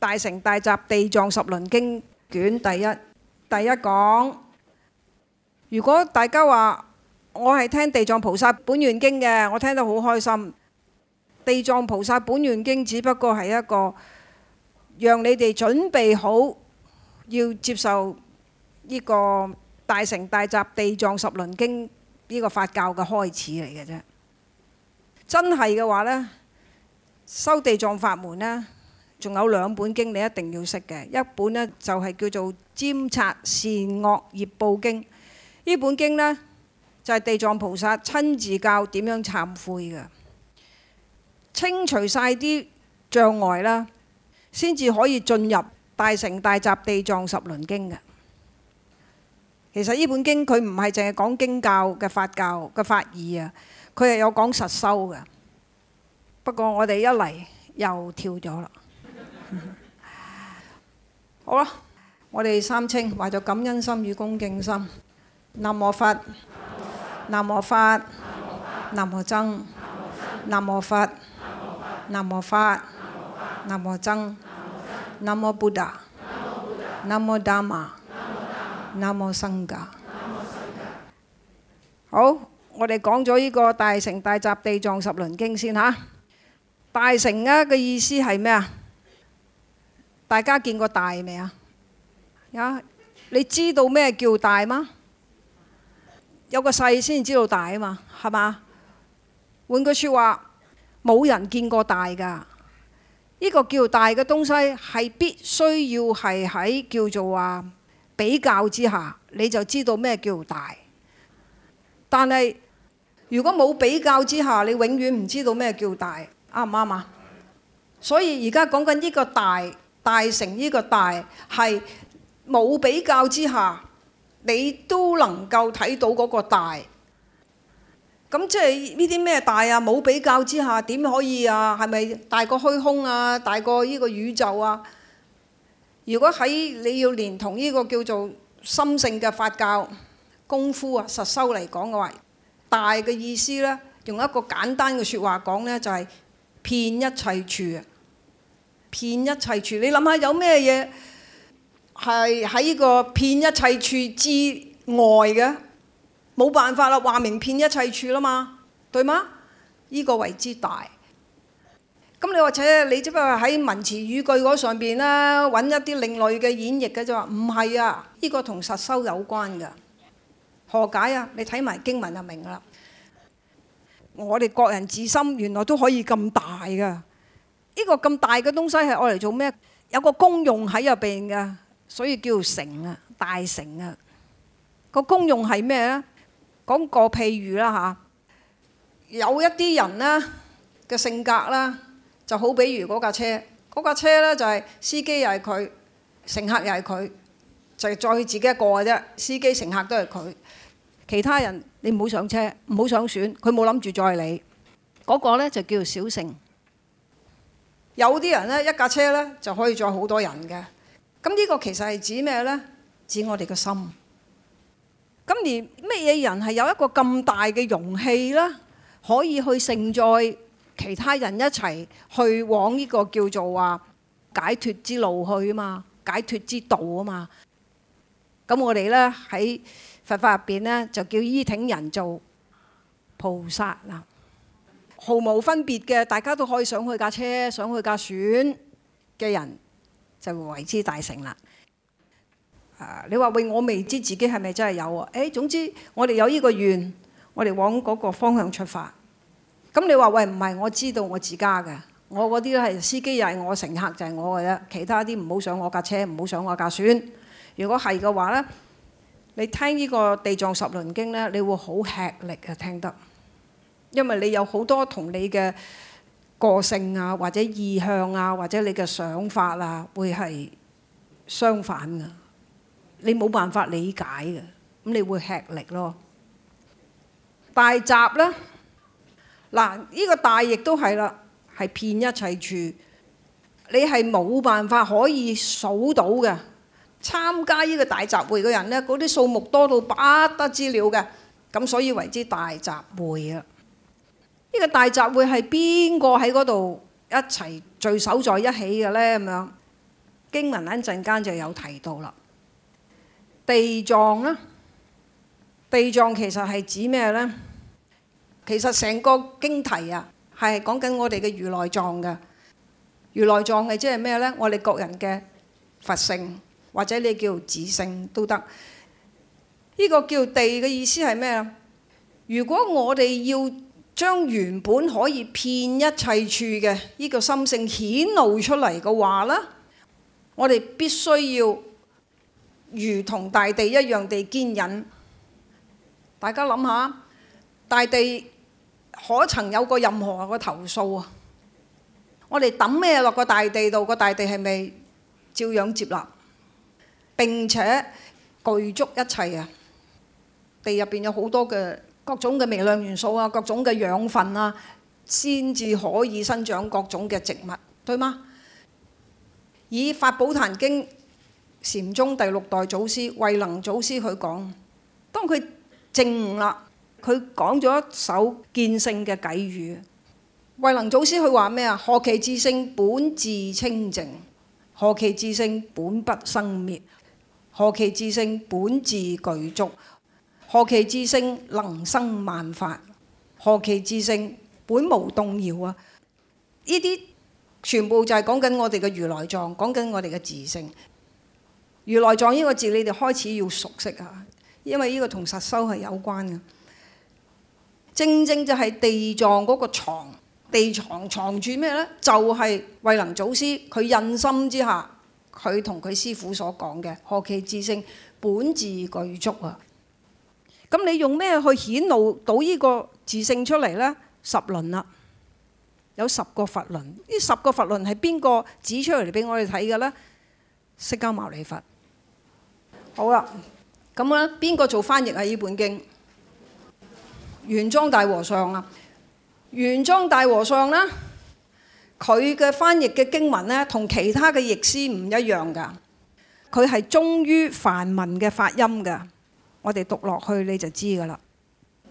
大乘大集地藏十輪經卷第一，第一講。如果大家話我係聽地藏菩薩本願經嘅，我聽到好開心。地藏菩薩本願經只不過係一個讓你哋準備好要接受呢個大乘大集地藏十輪經呢個法教嘅開始嚟嘅啫。真係嘅話呢，修地藏法門呢，仲有兩本經你一定要識嘅，一本呢，就係叫做《占察善惡業報經》，呢本經呢，就係地藏菩薩親自教點樣懺悔嘅，清除晒啲障礙啦，先至可以進入《大乘大集地藏十輪經》嘅。其實呢本經佢唔係淨係講經教嘅法教嘅法義啊，佢係有講實修嘅。不過我哋一嚟又跳咗啦。 好啦，我哋三稱懷著感恩心與恭敬心。 南無佛，南無法，南無僧，南無佛，南無法，南無僧，南無布達，南無達摩，南無僧伽。好，我哋講咗呢、這個《大乘大集地，地藏十輪經》先吓，《大乘啊嘅意思係咩啊？大家見過大未啊？啊，你知道咩叫大嗎？有個細先知道大啊嘛，係嘛？換句說話，冇人見過大噶。呢個叫大嘅東西係必須要係喺叫做話比較之下，你就知道咩叫大。但係如果冇比較之下，你永遠唔知道咩叫大，啱唔啱啊？所以而家講緊呢個大。大乘呢個大係冇比較之下，你都能夠睇到嗰個大。咁即係呢啲咩大啊？冇比較之下點可以啊？係咪大過虛空啊？大過呢個宇宙啊？如果喺你要連同呢個叫做心性嘅法教功夫啊，實修嚟講嘅話，大嘅意思呢，用一個簡單嘅說話講呢，就係、是、遍一切處。遍一切處，你諗下有咩嘢係喺個遍一切處之外嘅？冇辦法啦，話明遍一切處啦嘛，對嗎？呢個為之大。咁你或者你只不過喺文詞語句嗰上邊啦，揾一啲另類嘅演繹嘅啫嘛。唔係啊，呢個同實修有關噶。何解啊？你睇埋經文就明啦。我哋各人自心原來都可以咁大噶。呢個咁大嘅東西係愛嚟做咩？有個功用喺入邊嘅，所以叫做乘啊，大乘啊。個功用係咩呢？講個譬如啦嚇，有一啲人呢，嘅性格啦，就好比如嗰架車，嗰架車呢，就係，就係司機又係佢，乘客又係佢，就係載佢自己一個嘅啫。司機乘客都係佢，其他人你唔好上車，唔好上選，佢冇諗住載你嗰個咧就叫做小乘。有啲人咧一架車咧就可以載好多人嘅，咁呢個其實係指咩咧？指我哋個心。咁而咩嘢人係有一個咁大嘅容器啦，可以去承載其他人一齊去往呢個叫做話解脫之路去啊嘛，解脫之道啊嘛。咁我哋咧喺佛法入邊咧就叫依挺人做菩薩啦。毫無分別嘅，大家都可以上去架車，上去架船嘅人就會為之大成啦、啊。你話喂，我未知自己係咪真係有喎、啊？誒，總之我哋有呢個願，我哋往嗰個方向出發。咁、嗯、你話喂，唔係，我知道我自家嘅，我嗰啲係司機又係我乘客就係、是、我嘅啫，其他啲唔好上我架車，唔好上我架船。如果係嘅話呢，你聽呢個地藏十輪經呢，你會好吃力嘅聽得。因為你有好多同你嘅個性啊，或者意向啊，或者你嘅想法啊，會係相反嘅，你冇辦法理解嘅，咁你會吃力咯。大集啦，嗱，呢個大亦都係啦，係遍一切處，你係冇辦法可以數到嘅。參加呢個大集會嘅人咧，嗰啲數目多到不得之了嘅，咁所以為之大集會啊。呢個大集會係邊個喺嗰度一齊聚首在一起嘅呢？咁樣經文一陣間就有提到啦。地藏啦，地藏其實係指咩呢？其實成個經題啊，係講緊我哋嘅如來藏嘅，如來藏係即係咩呢？我哋各人嘅佛性，或者你叫智性都得。呢、這個叫地嘅意思係咩啊？如果我哋要將原本可以騙一切處嘅呢個心性顯露出嚟嘅話呢，我哋必須要如同大地一樣地堅忍。大家諗下，大地可曾有過任何個投訴啊？我哋抌咩落個大地度，個大地係咪照樣接納，並且具足一切啊？地入邊有好多嘅。各種嘅微量元素啊，各種嘅養分啊，先至可以生長各種嘅植物，對嗎？以《法寶壇經》禪宗第六代祖師慧能祖師佢講，當佢證悟啦，佢講咗一首見性嘅偈語。慧能祖師佢話咩啊？何其自性本自清淨，何其自性本不生滅，何其自性本自具足。何其自性能生萬法，何其自性本無動搖啊！呢啲全部就係講緊我哋嘅如來藏，講緊我哋嘅自性。如來藏呢個字，你哋開始要熟悉啊，因為呢個同實修係有關嘅。正正就係地藏嗰個藏，地藏藏住咩呢？就係、是、慧能祖師佢印心之下，佢同佢師父所講嘅何其自性本自具足啊！咁你用咩去顯露到呢個自性出嚟呢？十輪啦，有十個佛輪。呢十個佛輪係邊個指出嚟俾我哋睇嘅呢？釋迦牟尼佛。好啦，咁咧邊個做翻譯係呢本經？玄奘大和尚啊，玄奘大和尚呢，佢嘅翻譯嘅經文呢，同其他嘅譯師唔一樣㗎。佢係忠於梵文嘅發音㗎。我哋讀落去你就知噶啦。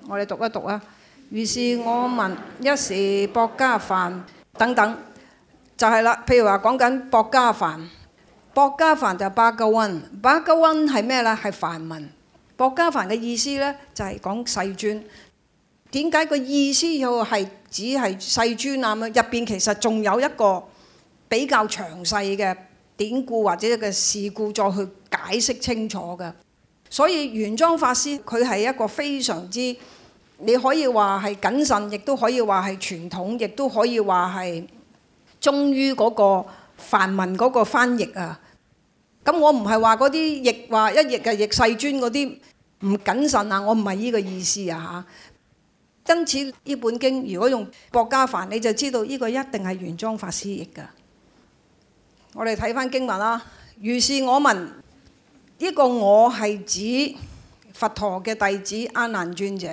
我哋讀一讀啊。如是我聞。一時薄伽梵等等，就係、是、啦。譬如話講緊薄伽梵，薄伽梵就巴加温，巴加温係咩咧？係梵文。薄伽梵嘅意思咧，就係講世尊。點解個意思要係只係世尊啊？入邊其實仲有一個比較詳細嘅典故或者嘅事故再去解釋清楚嘅。所以玄奘法師佢係一個非常之，你可以話係謹慎，亦都可以話係傳統，亦都可以話係忠於嗰個梵文嗰個翻譯啊。咁我唔係話嗰啲譯話一譯嘅譯世尊嗰啲唔謹慎啊，我唔係呢個意思啊嚇。因此呢本經如果用薄伽梵，你就知道呢個一定係玄奘法師譯噶。我哋睇翻經文啦，如是我，我聞。呢個我係指佛陀嘅弟子阿難尊者。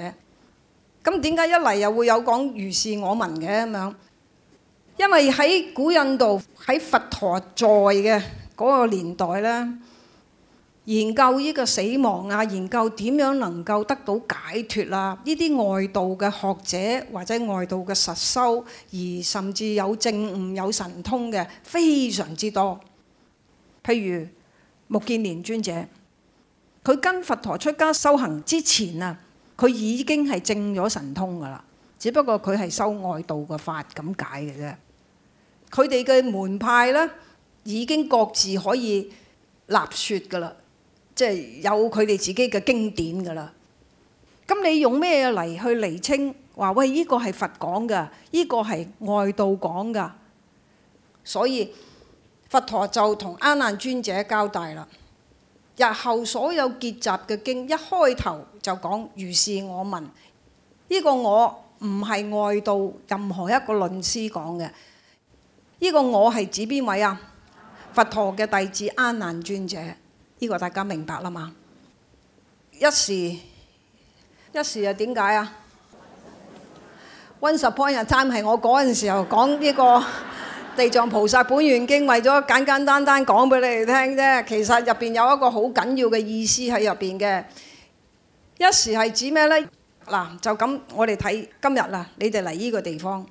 咁點解一嚟又會有講如是我聞嘅？咁樣，因為喺古印度喺佛陀在嘅嗰個年代咧，研究呢個死亡啊，研究點樣能夠得到解脫啊，呢啲外道嘅學者或者外道嘅實修而甚至有證悟有神通嘅非常之多。譬如，目犍連尊者，佢跟佛陀出家修行之前啊，佢已經係證咗神通噶啦，只不過佢係修外道嘅法咁解嘅啫。佢哋嘅門派咧已經各自可以立說噶啦，即係有佢哋自己嘅經典噶啦。咁你用咩嚟去釐清？話喂，依個係佛講嘅，依個係外道講噶，所以。佛陀就同阿難尊者交代啦，日後所有結集嘅經一開頭就講如是我聞，呢、這個我唔係外道任何一個論師講嘅，呢、這個我係指邊位啊？佛陀嘅弟子阿難尊者，呢、這個大家明白啦嘛？一時，一時又點解啊？o 十 e s p p o r t a n three 係我嗰陣時候講呢、這個。地藏菩薩本願經，為咗簡簡單單講俾你哋聽啫。其實入邊有一個好緊要嘅意思喺入邊嘅。一時係指咩呢？嗱，就咁，我哋睇今日啦。你哋嚟呢個地方，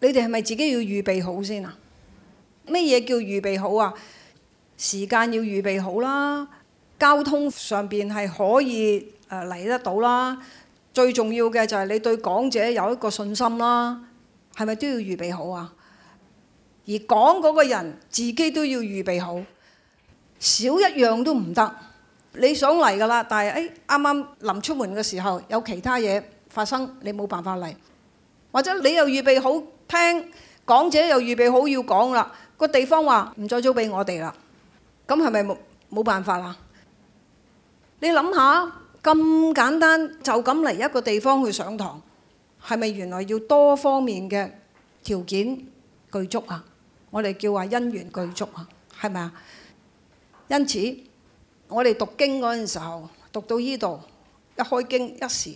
你哋係咪自己要預備好先啊？咩嘢叫預備好啊？時間要預備好啦，交通上邊係可以誒嚟得到啦。最重要嘅就係你對講者有一個信心啦。係咪都要預備好啊？而講嗰個人自己都要預備好，少一樣都唔得。你想嚟㗎啦，但係誒啱啱臨出門嘅時候有其他嘢發生，你冇辦法嚟。或者你又預備好聽，講者又預備好要講啦，個地方話唔再租俾我哋啦，咁係咪冇冇辦法啊？你諗下咁簡單就咁嚟一個地方去上堂，係咪原來要多方面嘅條件具足啊？我哋叫話因緣具足啊，係咪啊？因此我哋讀經嗰陣時候，讀到依度一開經一時，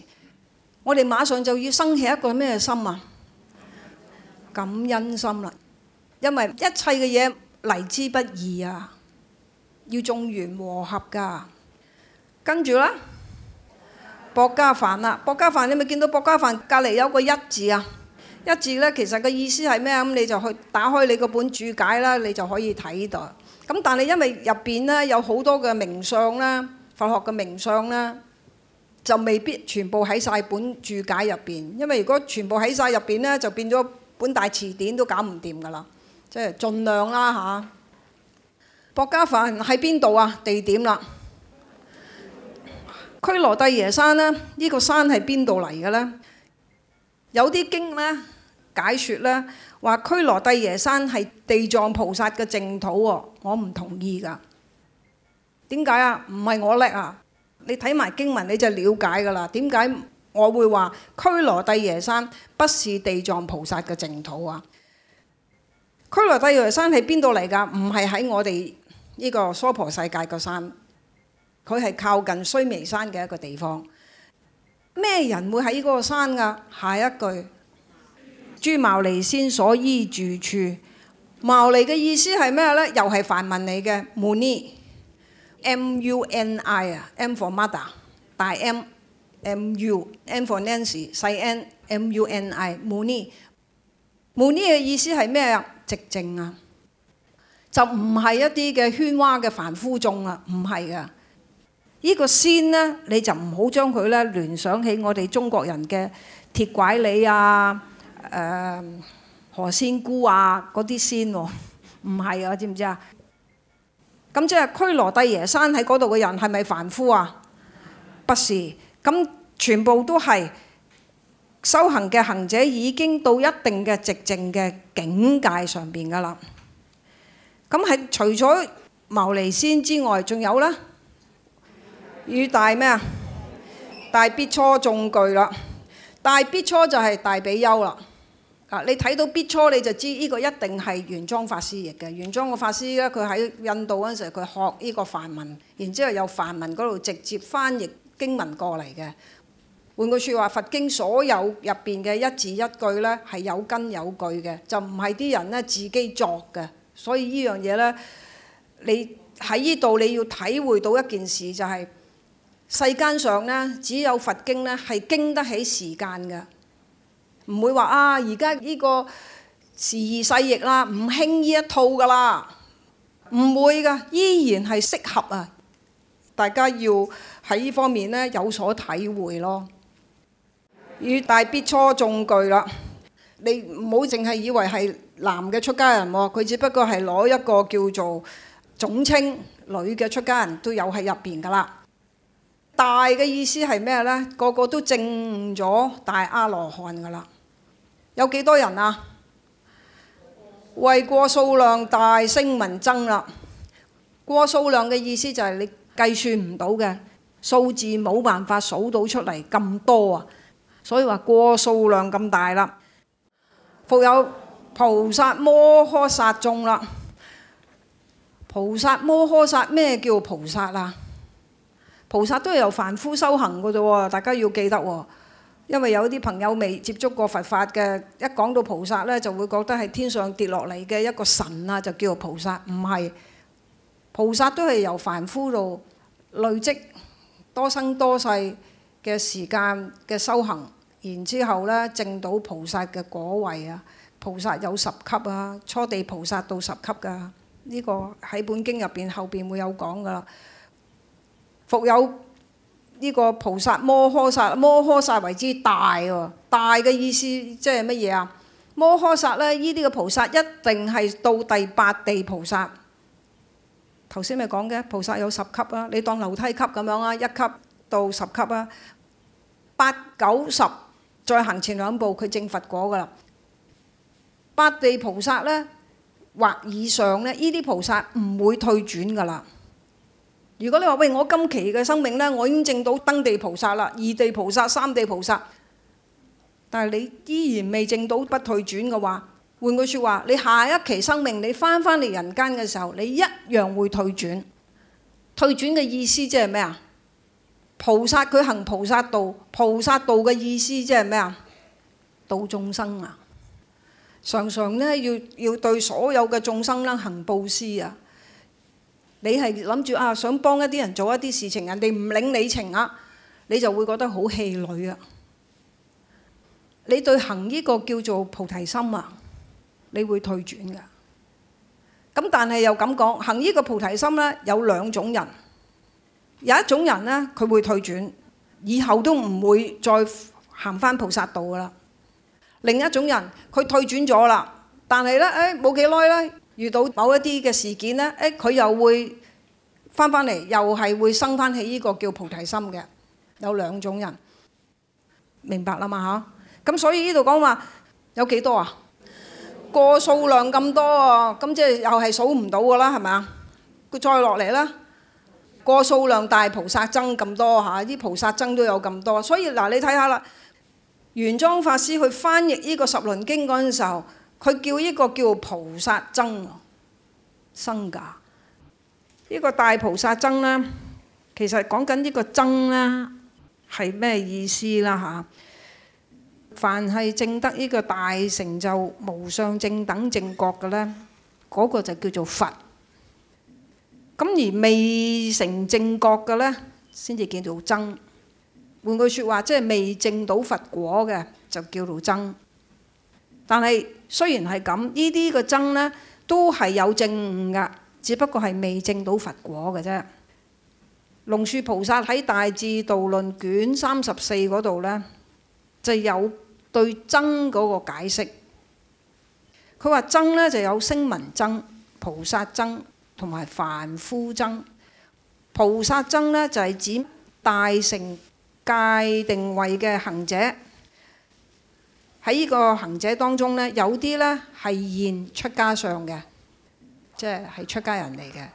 我哋馬上就要生起一個咩心啊？感恩心啦，因為一切嘅嘢嚟之不易啊，要眾緣和合噶。跟住啦，薄伽梵啦，薄伽梵，你咪見到薄伽梵隔離有個一字啊？一字咧，其實個意思係咩啊？咁你就去打開你個本注解啦，你就可以睇到。咁但係因為入邊咧有好多嘅名相啦，佛學嘅名相啦，就未必全部喺晒本注解入邊。因為如果全部喺晒入邊咧，就變咗本大詞典都搞唔掂㗎啦。即係儘量啦嚇。薄伽梵喺邊度啊？地點啦。佉羅帝耶山咧，呢、這個山係邊度嚟嘅咧？有啲經咧。解説咧話佉羅帝耶山係地藏菩薩嘅淨土喎，我唔同意噶。點解啊？唔係我叻啊！你睇埋經文你就了解噶啦。點解我會話佉羅帝耶山不是地藏菩薩嘅淨土啊？佉羅帝耶山係邊度嚟噶？唔係喺我哋呢個娑婆世界個山，佢係靠近須彌山嘅一個地方。咩人會喺嗰個山噶？下一句。諸牟尼仙所依住處，牟尼嘅意思係咩咧？又係梵文嚟嘅 muni m-u-n-i 啊，m for mother，大 m，m-u，m for nancy，細 n，m-u-n-i，muni，muni 嘅意思係咩啊？寂靜啊，就唔係一啲嘅喧嘩嘅凡夫眾啊，唔係噶。呢、這個仙咧，你就唔好將佢咧聯想起我哋中國人嘅鐵拐李啊。誒、呃，何仙姑啊，嗰啲仙喎、哦，唔 係啊，知唔知啊？咁即係佉羅帝耶山喺嗰度嘅人係咪凡夫啊？不是，咁全部都係修行嘅行者，已經到一定嘅寂靜嘅境界上邊噶啦。咁係除咗牟尼仙之外，仲有咧，與大咩啊？大苾芻眾俱啦，大苾芻就係大比丘啦。啊！你睇到苾芻你就知呢個一定係玄奘法師譯嘅。玄奘個法師咧，佢喺印度嗰陣時，佢學呢個梵文，然之後由梵文嗰度直接翻譯經文過嚟嘅。換句説話，佛經所有入邊嘅一字一句咧，係有根有據嘅，就唔係啲人咧自己作嘅。所以呢樣嘢咧，你喺呢度你要體會到一件事，就係世間上咧只有佛經咧係經得起時間嘅。唔會話啊！而家呢個時移世易啦，唔興呢一套噶啦，唔會噶，依然係適合啊！大家要喺呢方面呢有所體會咯。與大苾芻眾俱啦，你唔好淨係以為係男嘅出家人喎，佢只不過係攞一個叫做總稱，女嘅出家人都有喺入邊噶啦。大嘅意思係咩呢？個個都證咗大阿羅漢噶啦。有幾多人啊？謂過數量大聲聞僧啦，過數量嘅意思就係你計算唔到嘅數字，冇辦法數到出嚟咁多啊，所以話過數量咁大啦。復有菩薩摩訶薩眾啦，菩薩摩訶薩，咩叫菩薩啊？菩薩都係由凡夫修行嘅啫喎，大家要記得喎。因為有啲朋友未接觸過佛法嘅，一講到菩薩咧，就會覺得係天上跌落嚟嘅一個神啊，就叫做菩薩。唔係，菩薩都係由凡夫度累積多生多世嘅時間嘅修行，然之後咧證到菩薩嘅果位啊。菩薩有十級啊，初地菩薩到十級噶。呢個喺本經入邊後邊會有講噶啦。復有。呢個菩薩摩訶薩，摩訶薩為之大喎，大嘅意思即係乜嘢啊？摩訶薩咧，呢啲嘅菩薩一定係到第八地菩薩。頭先咪講嘅，菩薩有十級啦，你當樓梯級咁樣啦，一級到十級啦，八九十再行前兩步，佢證佛果噶啦。八地菩薩咧或以上咧，呢啲菩薩唔會退轉噶啦。如果你話喂，我今期嘅生命咧，我已經證到登地菩薩啦，二地菩薩、三地菩薩，但係你依然未證到不退轉嘅話，換句説話，你下一期生命你翻返嚟人間嘅時候，你一樣會退轉。退轉嘅意思即係咩啊？菩薩佢行菩薩道，菩薩道嘅意思即係咩啊？度眾生啊，常常咧要要對所有嘅眾生啦行布施啊。你係諗住啊，想幫一啲人做一啲事情啊，人哋唔領你情啊，你就會覺得好氣餒啊！你對行呢個叫做菩提心啊，你會退轉噶。咁但係又咁講，行呢個菩提心呢，有兩種人，有一種人呢，佢會退轉，以後都唔會再行返菩薩道噶啦。另一種人，佢退轉咗啦，但係呢，誒冇幾耐呢。遇到某一啲嘅事件咧，誒佢又會翻翻嚟，又係會生翻起依個叫菩提心嘅，有兩種人，明白啦嘛嚇。咁所以依度講話有幾多啊？個數量咁多啊，咁即係又係數唔到噶啦，係咪啊？佢再落嚟啦，個數量大菩薩僧咁多嚇，啲菩薩僧都有咁多，所以嗱你睇下啦，玄奘法師去翻譯依個十輪經嗰陣時候。佢叫呢個叫菩薩僧生噶，呢個大菩薩僧呢，其實講緊呢個僧呢係咩意思啦嚇？凡係證得呢個大成就無上正等正覺嘅呢，嗰個就叫做佛。咁而未成正覺嘅呢，先至叫做僧。換句説話，即係未證到佛果嘅就叫做僧。但係。雖然係咁，呢啲個僧呢都係有證悟㗎，只不過係未證到佛果嘅啫。龍樹菩薩喺《大智度論》卷三十四嗰度呢，就有對僧嗰個解釋。佢話僧呢就有聲聞僧、菩薩僧同埋凡夫僧。菩薩僧呢，就係指大乘界定位嘅行者。喺呢個行者當中呢，有啲呢係現出家相嘅，即係係出家人嚟嘅；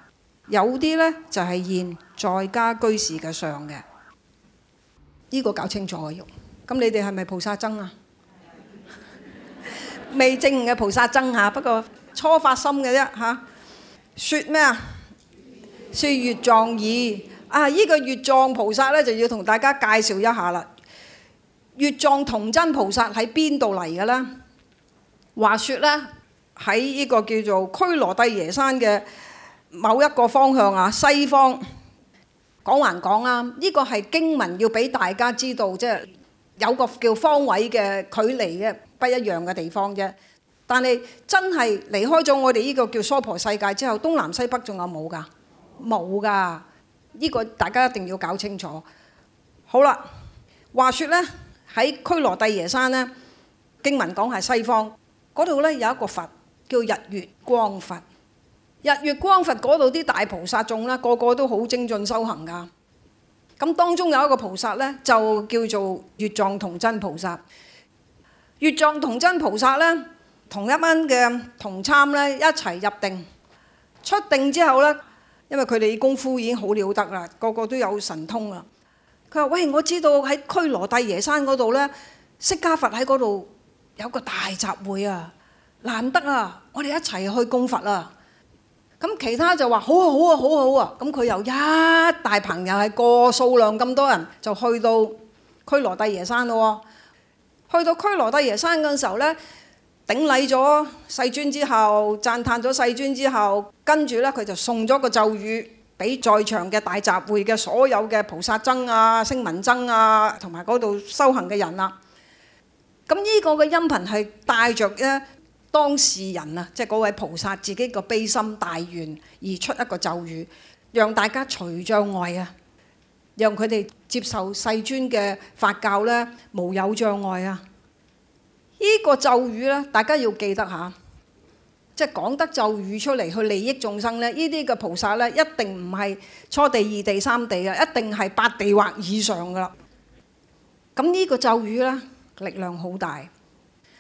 有啲呢就係現在家居士嘅相嘅。呢個搞清楚喎，咁你哋係咪菩薩僧啊？ 未證嘅菩薩僧嚇，不過初發心嘅啫吓，説咩啊？説月藏已啊！呢個月藏菩薩呢，就要同大家介紹一下啦。月藏童真菩薩喺邊度嚟嘅呢？話說呢，喺呢個叫做佉羅帝耶山嘅某一個方向啊，西方講還講啦、啊，呢、這個係經文要俾大家知道，即、就、係、是、有個叫方位嘅距離嘅不一樣嘅地方啫。但係真係離開咗我哋呢個叫娑婆世界之後，東南西北仲有冇噶？冇噶！呢、這個大家一定要搞清楚。好啦，話說呢。喺佉羅帝耶山咧，經文講係西方，嗰度咧有一個佛叫日月光佛。日月光佛嗰度啲大菩薩眾啦，個個都好精進修行㗎。咁當中有一個菩薩咧，就叫做月藏童真菩薩。月藏童真菩薩咧，同一班嘅同參咧一齊入定。出定之後咧，因為佢哋功夫已經好了得啦，個個都有神通啦。佢話：喂，我知道喺佉羅帝耶山嗰度咧，釋迦佛喺嗰度有個大集會啊，難得啊，我哋一齊去供佛啦，啊。咁其他就話：好啊，好啊，好好啊。咁佢又一大朋友過數量咁多人，就去到佉羅帝耶山咯。去到佉羅帝耶山嘅時候咧，頂禮咗世尊之後，讚歎咗世尊之後，跟住咧佢就送咗個咒語。喺在場嘅大集會嘅所有嘅菩薩僧啊、聲聞僧啊，同埋嗰度修行嘅人啦，咁呢個嘅音頻係帶著咧當事人啊，即係嗰位菩薩自己個悲心大願而出一個咒語，讓大家除障礙啊，讓佢哋接受世尊嘅法教咧無有障礙啊！呢個咒語咧，大家要記得吓。即係講得咒語出嚟去利益眾生咧，呢啲嘅菩薩咧一定唔係初地、二地、三地嘅，一定係八地或以上嘅啦。咁、這、呢個咒語咧力量好大，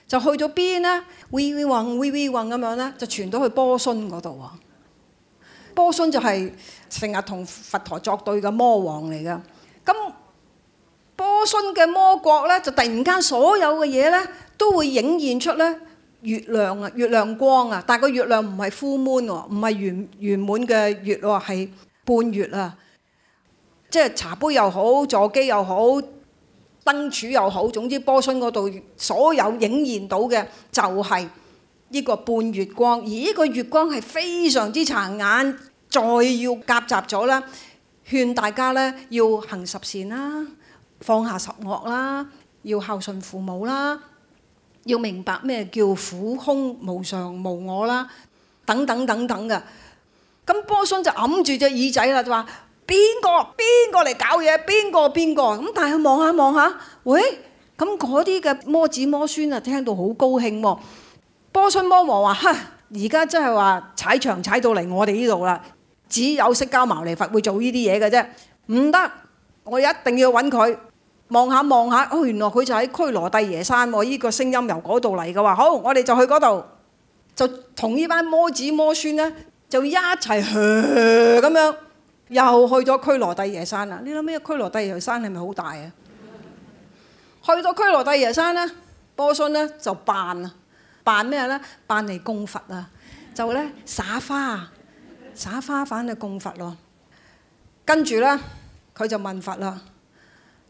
就去到邊咧？We we run, we we run 咁樣咧，就傳到去波旬嗰度啊。波旬就係成日同佛陀作對嘅魔王嚟嘅。咁波旬嘅魔國咧，就突然間所有嘅嘢咧都會影現出咧。月亮啊，月亮光啊，但個月亮唔係 full moon 喎，唔係圓圓滿嘅月喎、啊，係半月啊。即係茶杯又好，座機又好，燈柱又好，總之波旬嗰度所有影現到嘅就係呢個半月光，而呢個月光係非常之殘眼，再要夾雜咗啦。勸大家咧要行十善啦，放下十惡啦，要孝順父母啦。要明白咩叫苦空無常無我啦，等等等等嘅。咁波旬就揞住隻耳仔啦，就話邊個邊個嚟搞嘢？邊個邊個？咁但係望下望下，喂，咁嗰啲嘅魔子魔孫啊，聽到好高興喎、啊。波旬魔王話：哈，而家真係話踩場踩到嚟我哋呢度啦，只有釋迦牟尼佛會做呢啲嘢嘅啫，唔得，我一定要揾佢。望下望下，哦，原來佢就喺佉羅帝耶山，依、這個聲音由嗰度嚟嘅話，好，我哋就去嗰度，就同呢班魔子魔孫咧，就一齊咁、呃、樣，又去咗佉羅帝耶山啦。你諗咩？佉羅帝耶山係咪好大啊？去到佉羅帝耶山咧，波旬咧就扮啊，扮咩咧？扮嚟供佛啊，就咧撒花，撒花瓣嚟供佛咯、啊。跟住咧，佢就問佛啦。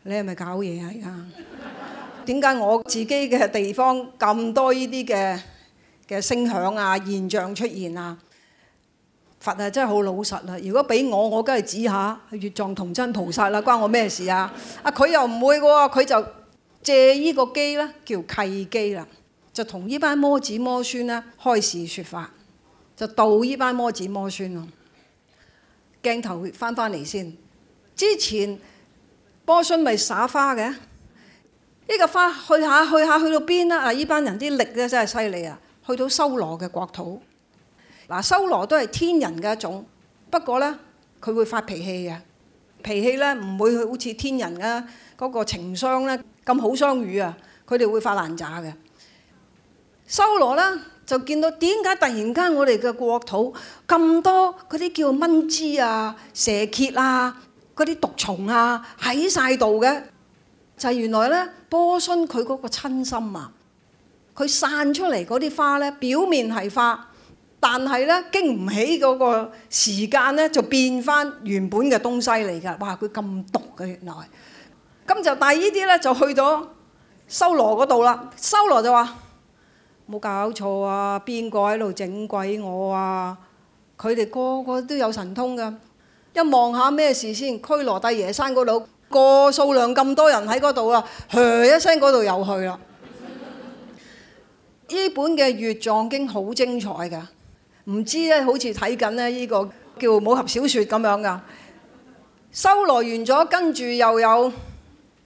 你係咪搞嘢啊？而家點解我自己嘅地方咁多呢啲嘅嘅聲響啊現象出現啊？佛啊真係好老實啊！如果俾我，我梗係指下月藏同真菩薩啦、啊，關我咩事啊？啊，佢又唔會喎，佢就借呢個機咧叫契機啦，就同呢班魔子魔孫咧開始説法，就導呢班魔子魔孫咯。鏡頭翻翻嚟先，之前。波旬咪撒花嘅，呢個花去下去下去到邊啊？啊！呢班人啲力咧真係犀利啊，去到修羅嘅國土。嗱、啊，修羅都係天人嘅一種，不過咧佢會發脾氣嘅，脾氣咧唔會好似天人啊嗰個情商咧咁好相處啊，佢哋會發爛渣嘅。修羅咧就見到點解突然間我哋嘅國土咁多嗰啲叫蚊滋啊、蛇蠍啊？嗰啲毒蟲啊，喺曬度嘅，就係原來咧波旬佢嗰個親心啊，佢散出嚟嗰啲花咧，表面係花，但係咧經唔起嗰個時間咧，就變翻原本嘅東西嚟㗎。哇！佢咁毒嘅原來，咁就第二啲咧就去咗修羅嗰度啦。修羅就話冇搞錯啊，邊個喺度整鬼我啊？佢哋個個都有神通㗎。一望下咩事先？佉羅帝耶山嗰度，個數量咁多人喺嗰度啊！噓、呃，一聲嗰度又去啦。呢 本嘅《月藏經》好精彩噶，唔知咧好似睇緊咧呢個叫武俠小說咁樣噶。收羅完咗，跟住又有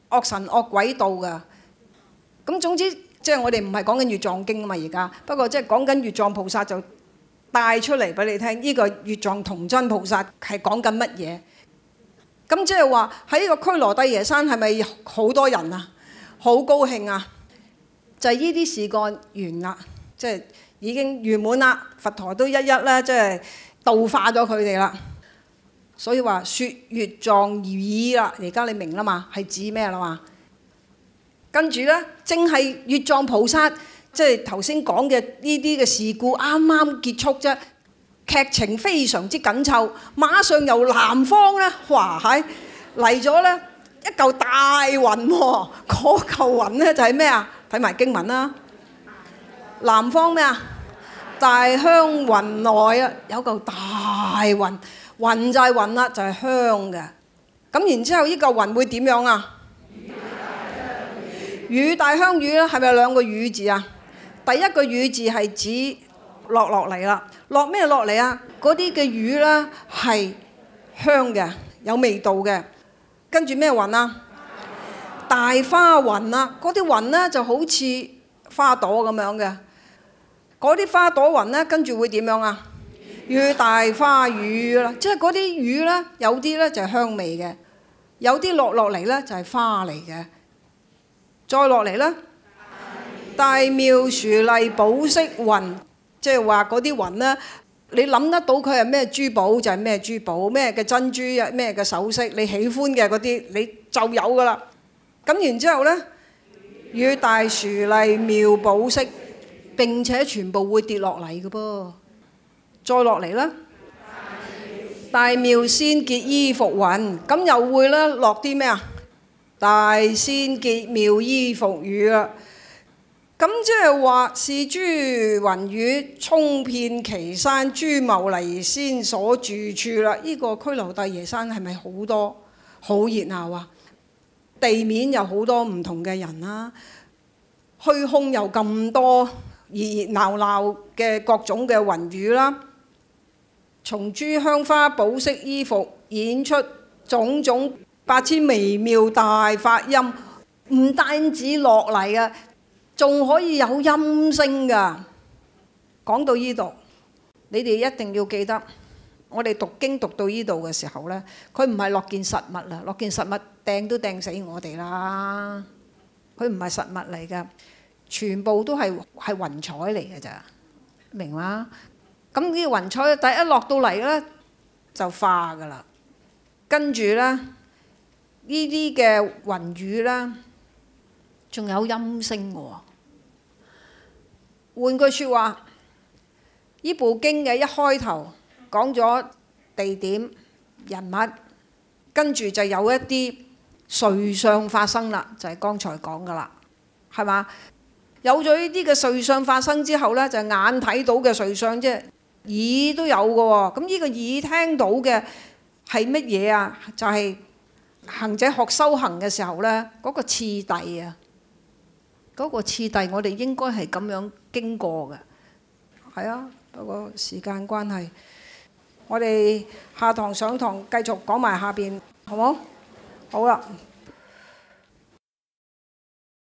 惡神惡鬼道噶。咁總之，即係我哋唔係講緊《月藏經》啊嘛，而家不過即係講緊《月藏菩薩》就。帶出嚟俾你聽，呢、這個月藏童真菩薩係講緊乜嘢？咁即係話喺呢個佉羅帝耶山係咪好多人啊？好高興啊！就係呢啲事幹完啦，即係已經圓滿啦。佛陀都一一咧即係度化咗佢哋啦。所以話說月藏而已啦，而家你明啦嘛，係指咩啦嘛？跟住咧，正係月藏菩薩。即係頭先講嘅呢啲嘅事故啱啱結束啫，劇情非常之緊湊，馬上由南方呢哇嗨嚟咗呢一嚿大雲喎，嗰嚿雲呢就係咩啊？睇埋經文啦，南方咩啊？大香雲來啊，有嚿大雲，雲就係雲啦，就係香嘅。咁然之後，呢嚿雲會點樣啊？雨大香雨啦，係咪有兩個雨字啊？第一個雨字係指落落嚟啦，落咩落嚟啊？嗰啲嘅雨呢係香嘅，有味道嘅。跟住咩雲啊？大花雲啊，嗰啲雲呢就好似花朵咁樣嘅。嗰啲花朵雲花花呢，跟住會點樣啊？雨大花雨啦，即係嗰啲雨呢，有啲呢就係香味嘅，有啲落落嚟呢就係花嚟嘅。再落嚟呢。大妙殊麗寶飾雲，即係話嗰啲雲呢，你諗得到佢係咩珠寶就係、是、咩珠寶，咩嘅珍珠呀，咩嘅首飾，你喜歡嘅嗰啲你就有噶啦。咁然之後呢，與大殊麗妙寶飾並且全部會跌落嚟嘅噃，再落嚟啦。大妙鮮潔衣服雲，咁又會咧落啲咩啊？大鮮潔妙衣服雨啦。咁即係話是諸雲雨充遍其山，諸牟尼仙所住處啦。呢、這個佉羅帝耶山係咪好多好熱鬧啊？地面有好多唔同嘅人啦、啊，虛空有咁多熱熱鬧鬧嘅各種嘅雲雨啦、啊，從諸香花寶飾衣服演出種種百千微妙大法音，唔單止落嚟啊！仲可以有音聲㗎，講到呢度，你哋一定要記得，我哋讀經讀到呢度嘅時候呢，佢唔係落件實物啦，落件實物掟都掟死我哋啦，佢唔係實物嚟㗎，全部都係係雲彩嚟嘅咋，明嘛？咁呢個雲彩，第一落到嚟呢，就化㗎啦，跟住呢，呢啲嘅雲雨呢，仲有音聲喎。換句説話，呢部經嘅一開頭講咗地點人物，跟住就有一啲瑞相發生啦，就係剛才講噶啦，係嘛？有咗呢啲嘅瑞相發生之後咧，就眼睇到嘅瑞相啫，耳都有嘅喎。咁呢個耳聽到嘅係乜嘢啊？就係行者學修行嘅時候咧，嗰個次第啊，嗰個次第，次第我哋應該係咁樣。經過嘅，係啊，不過時間關係，我哋下堂上堂繼續講埋下邊，好冇？好啦。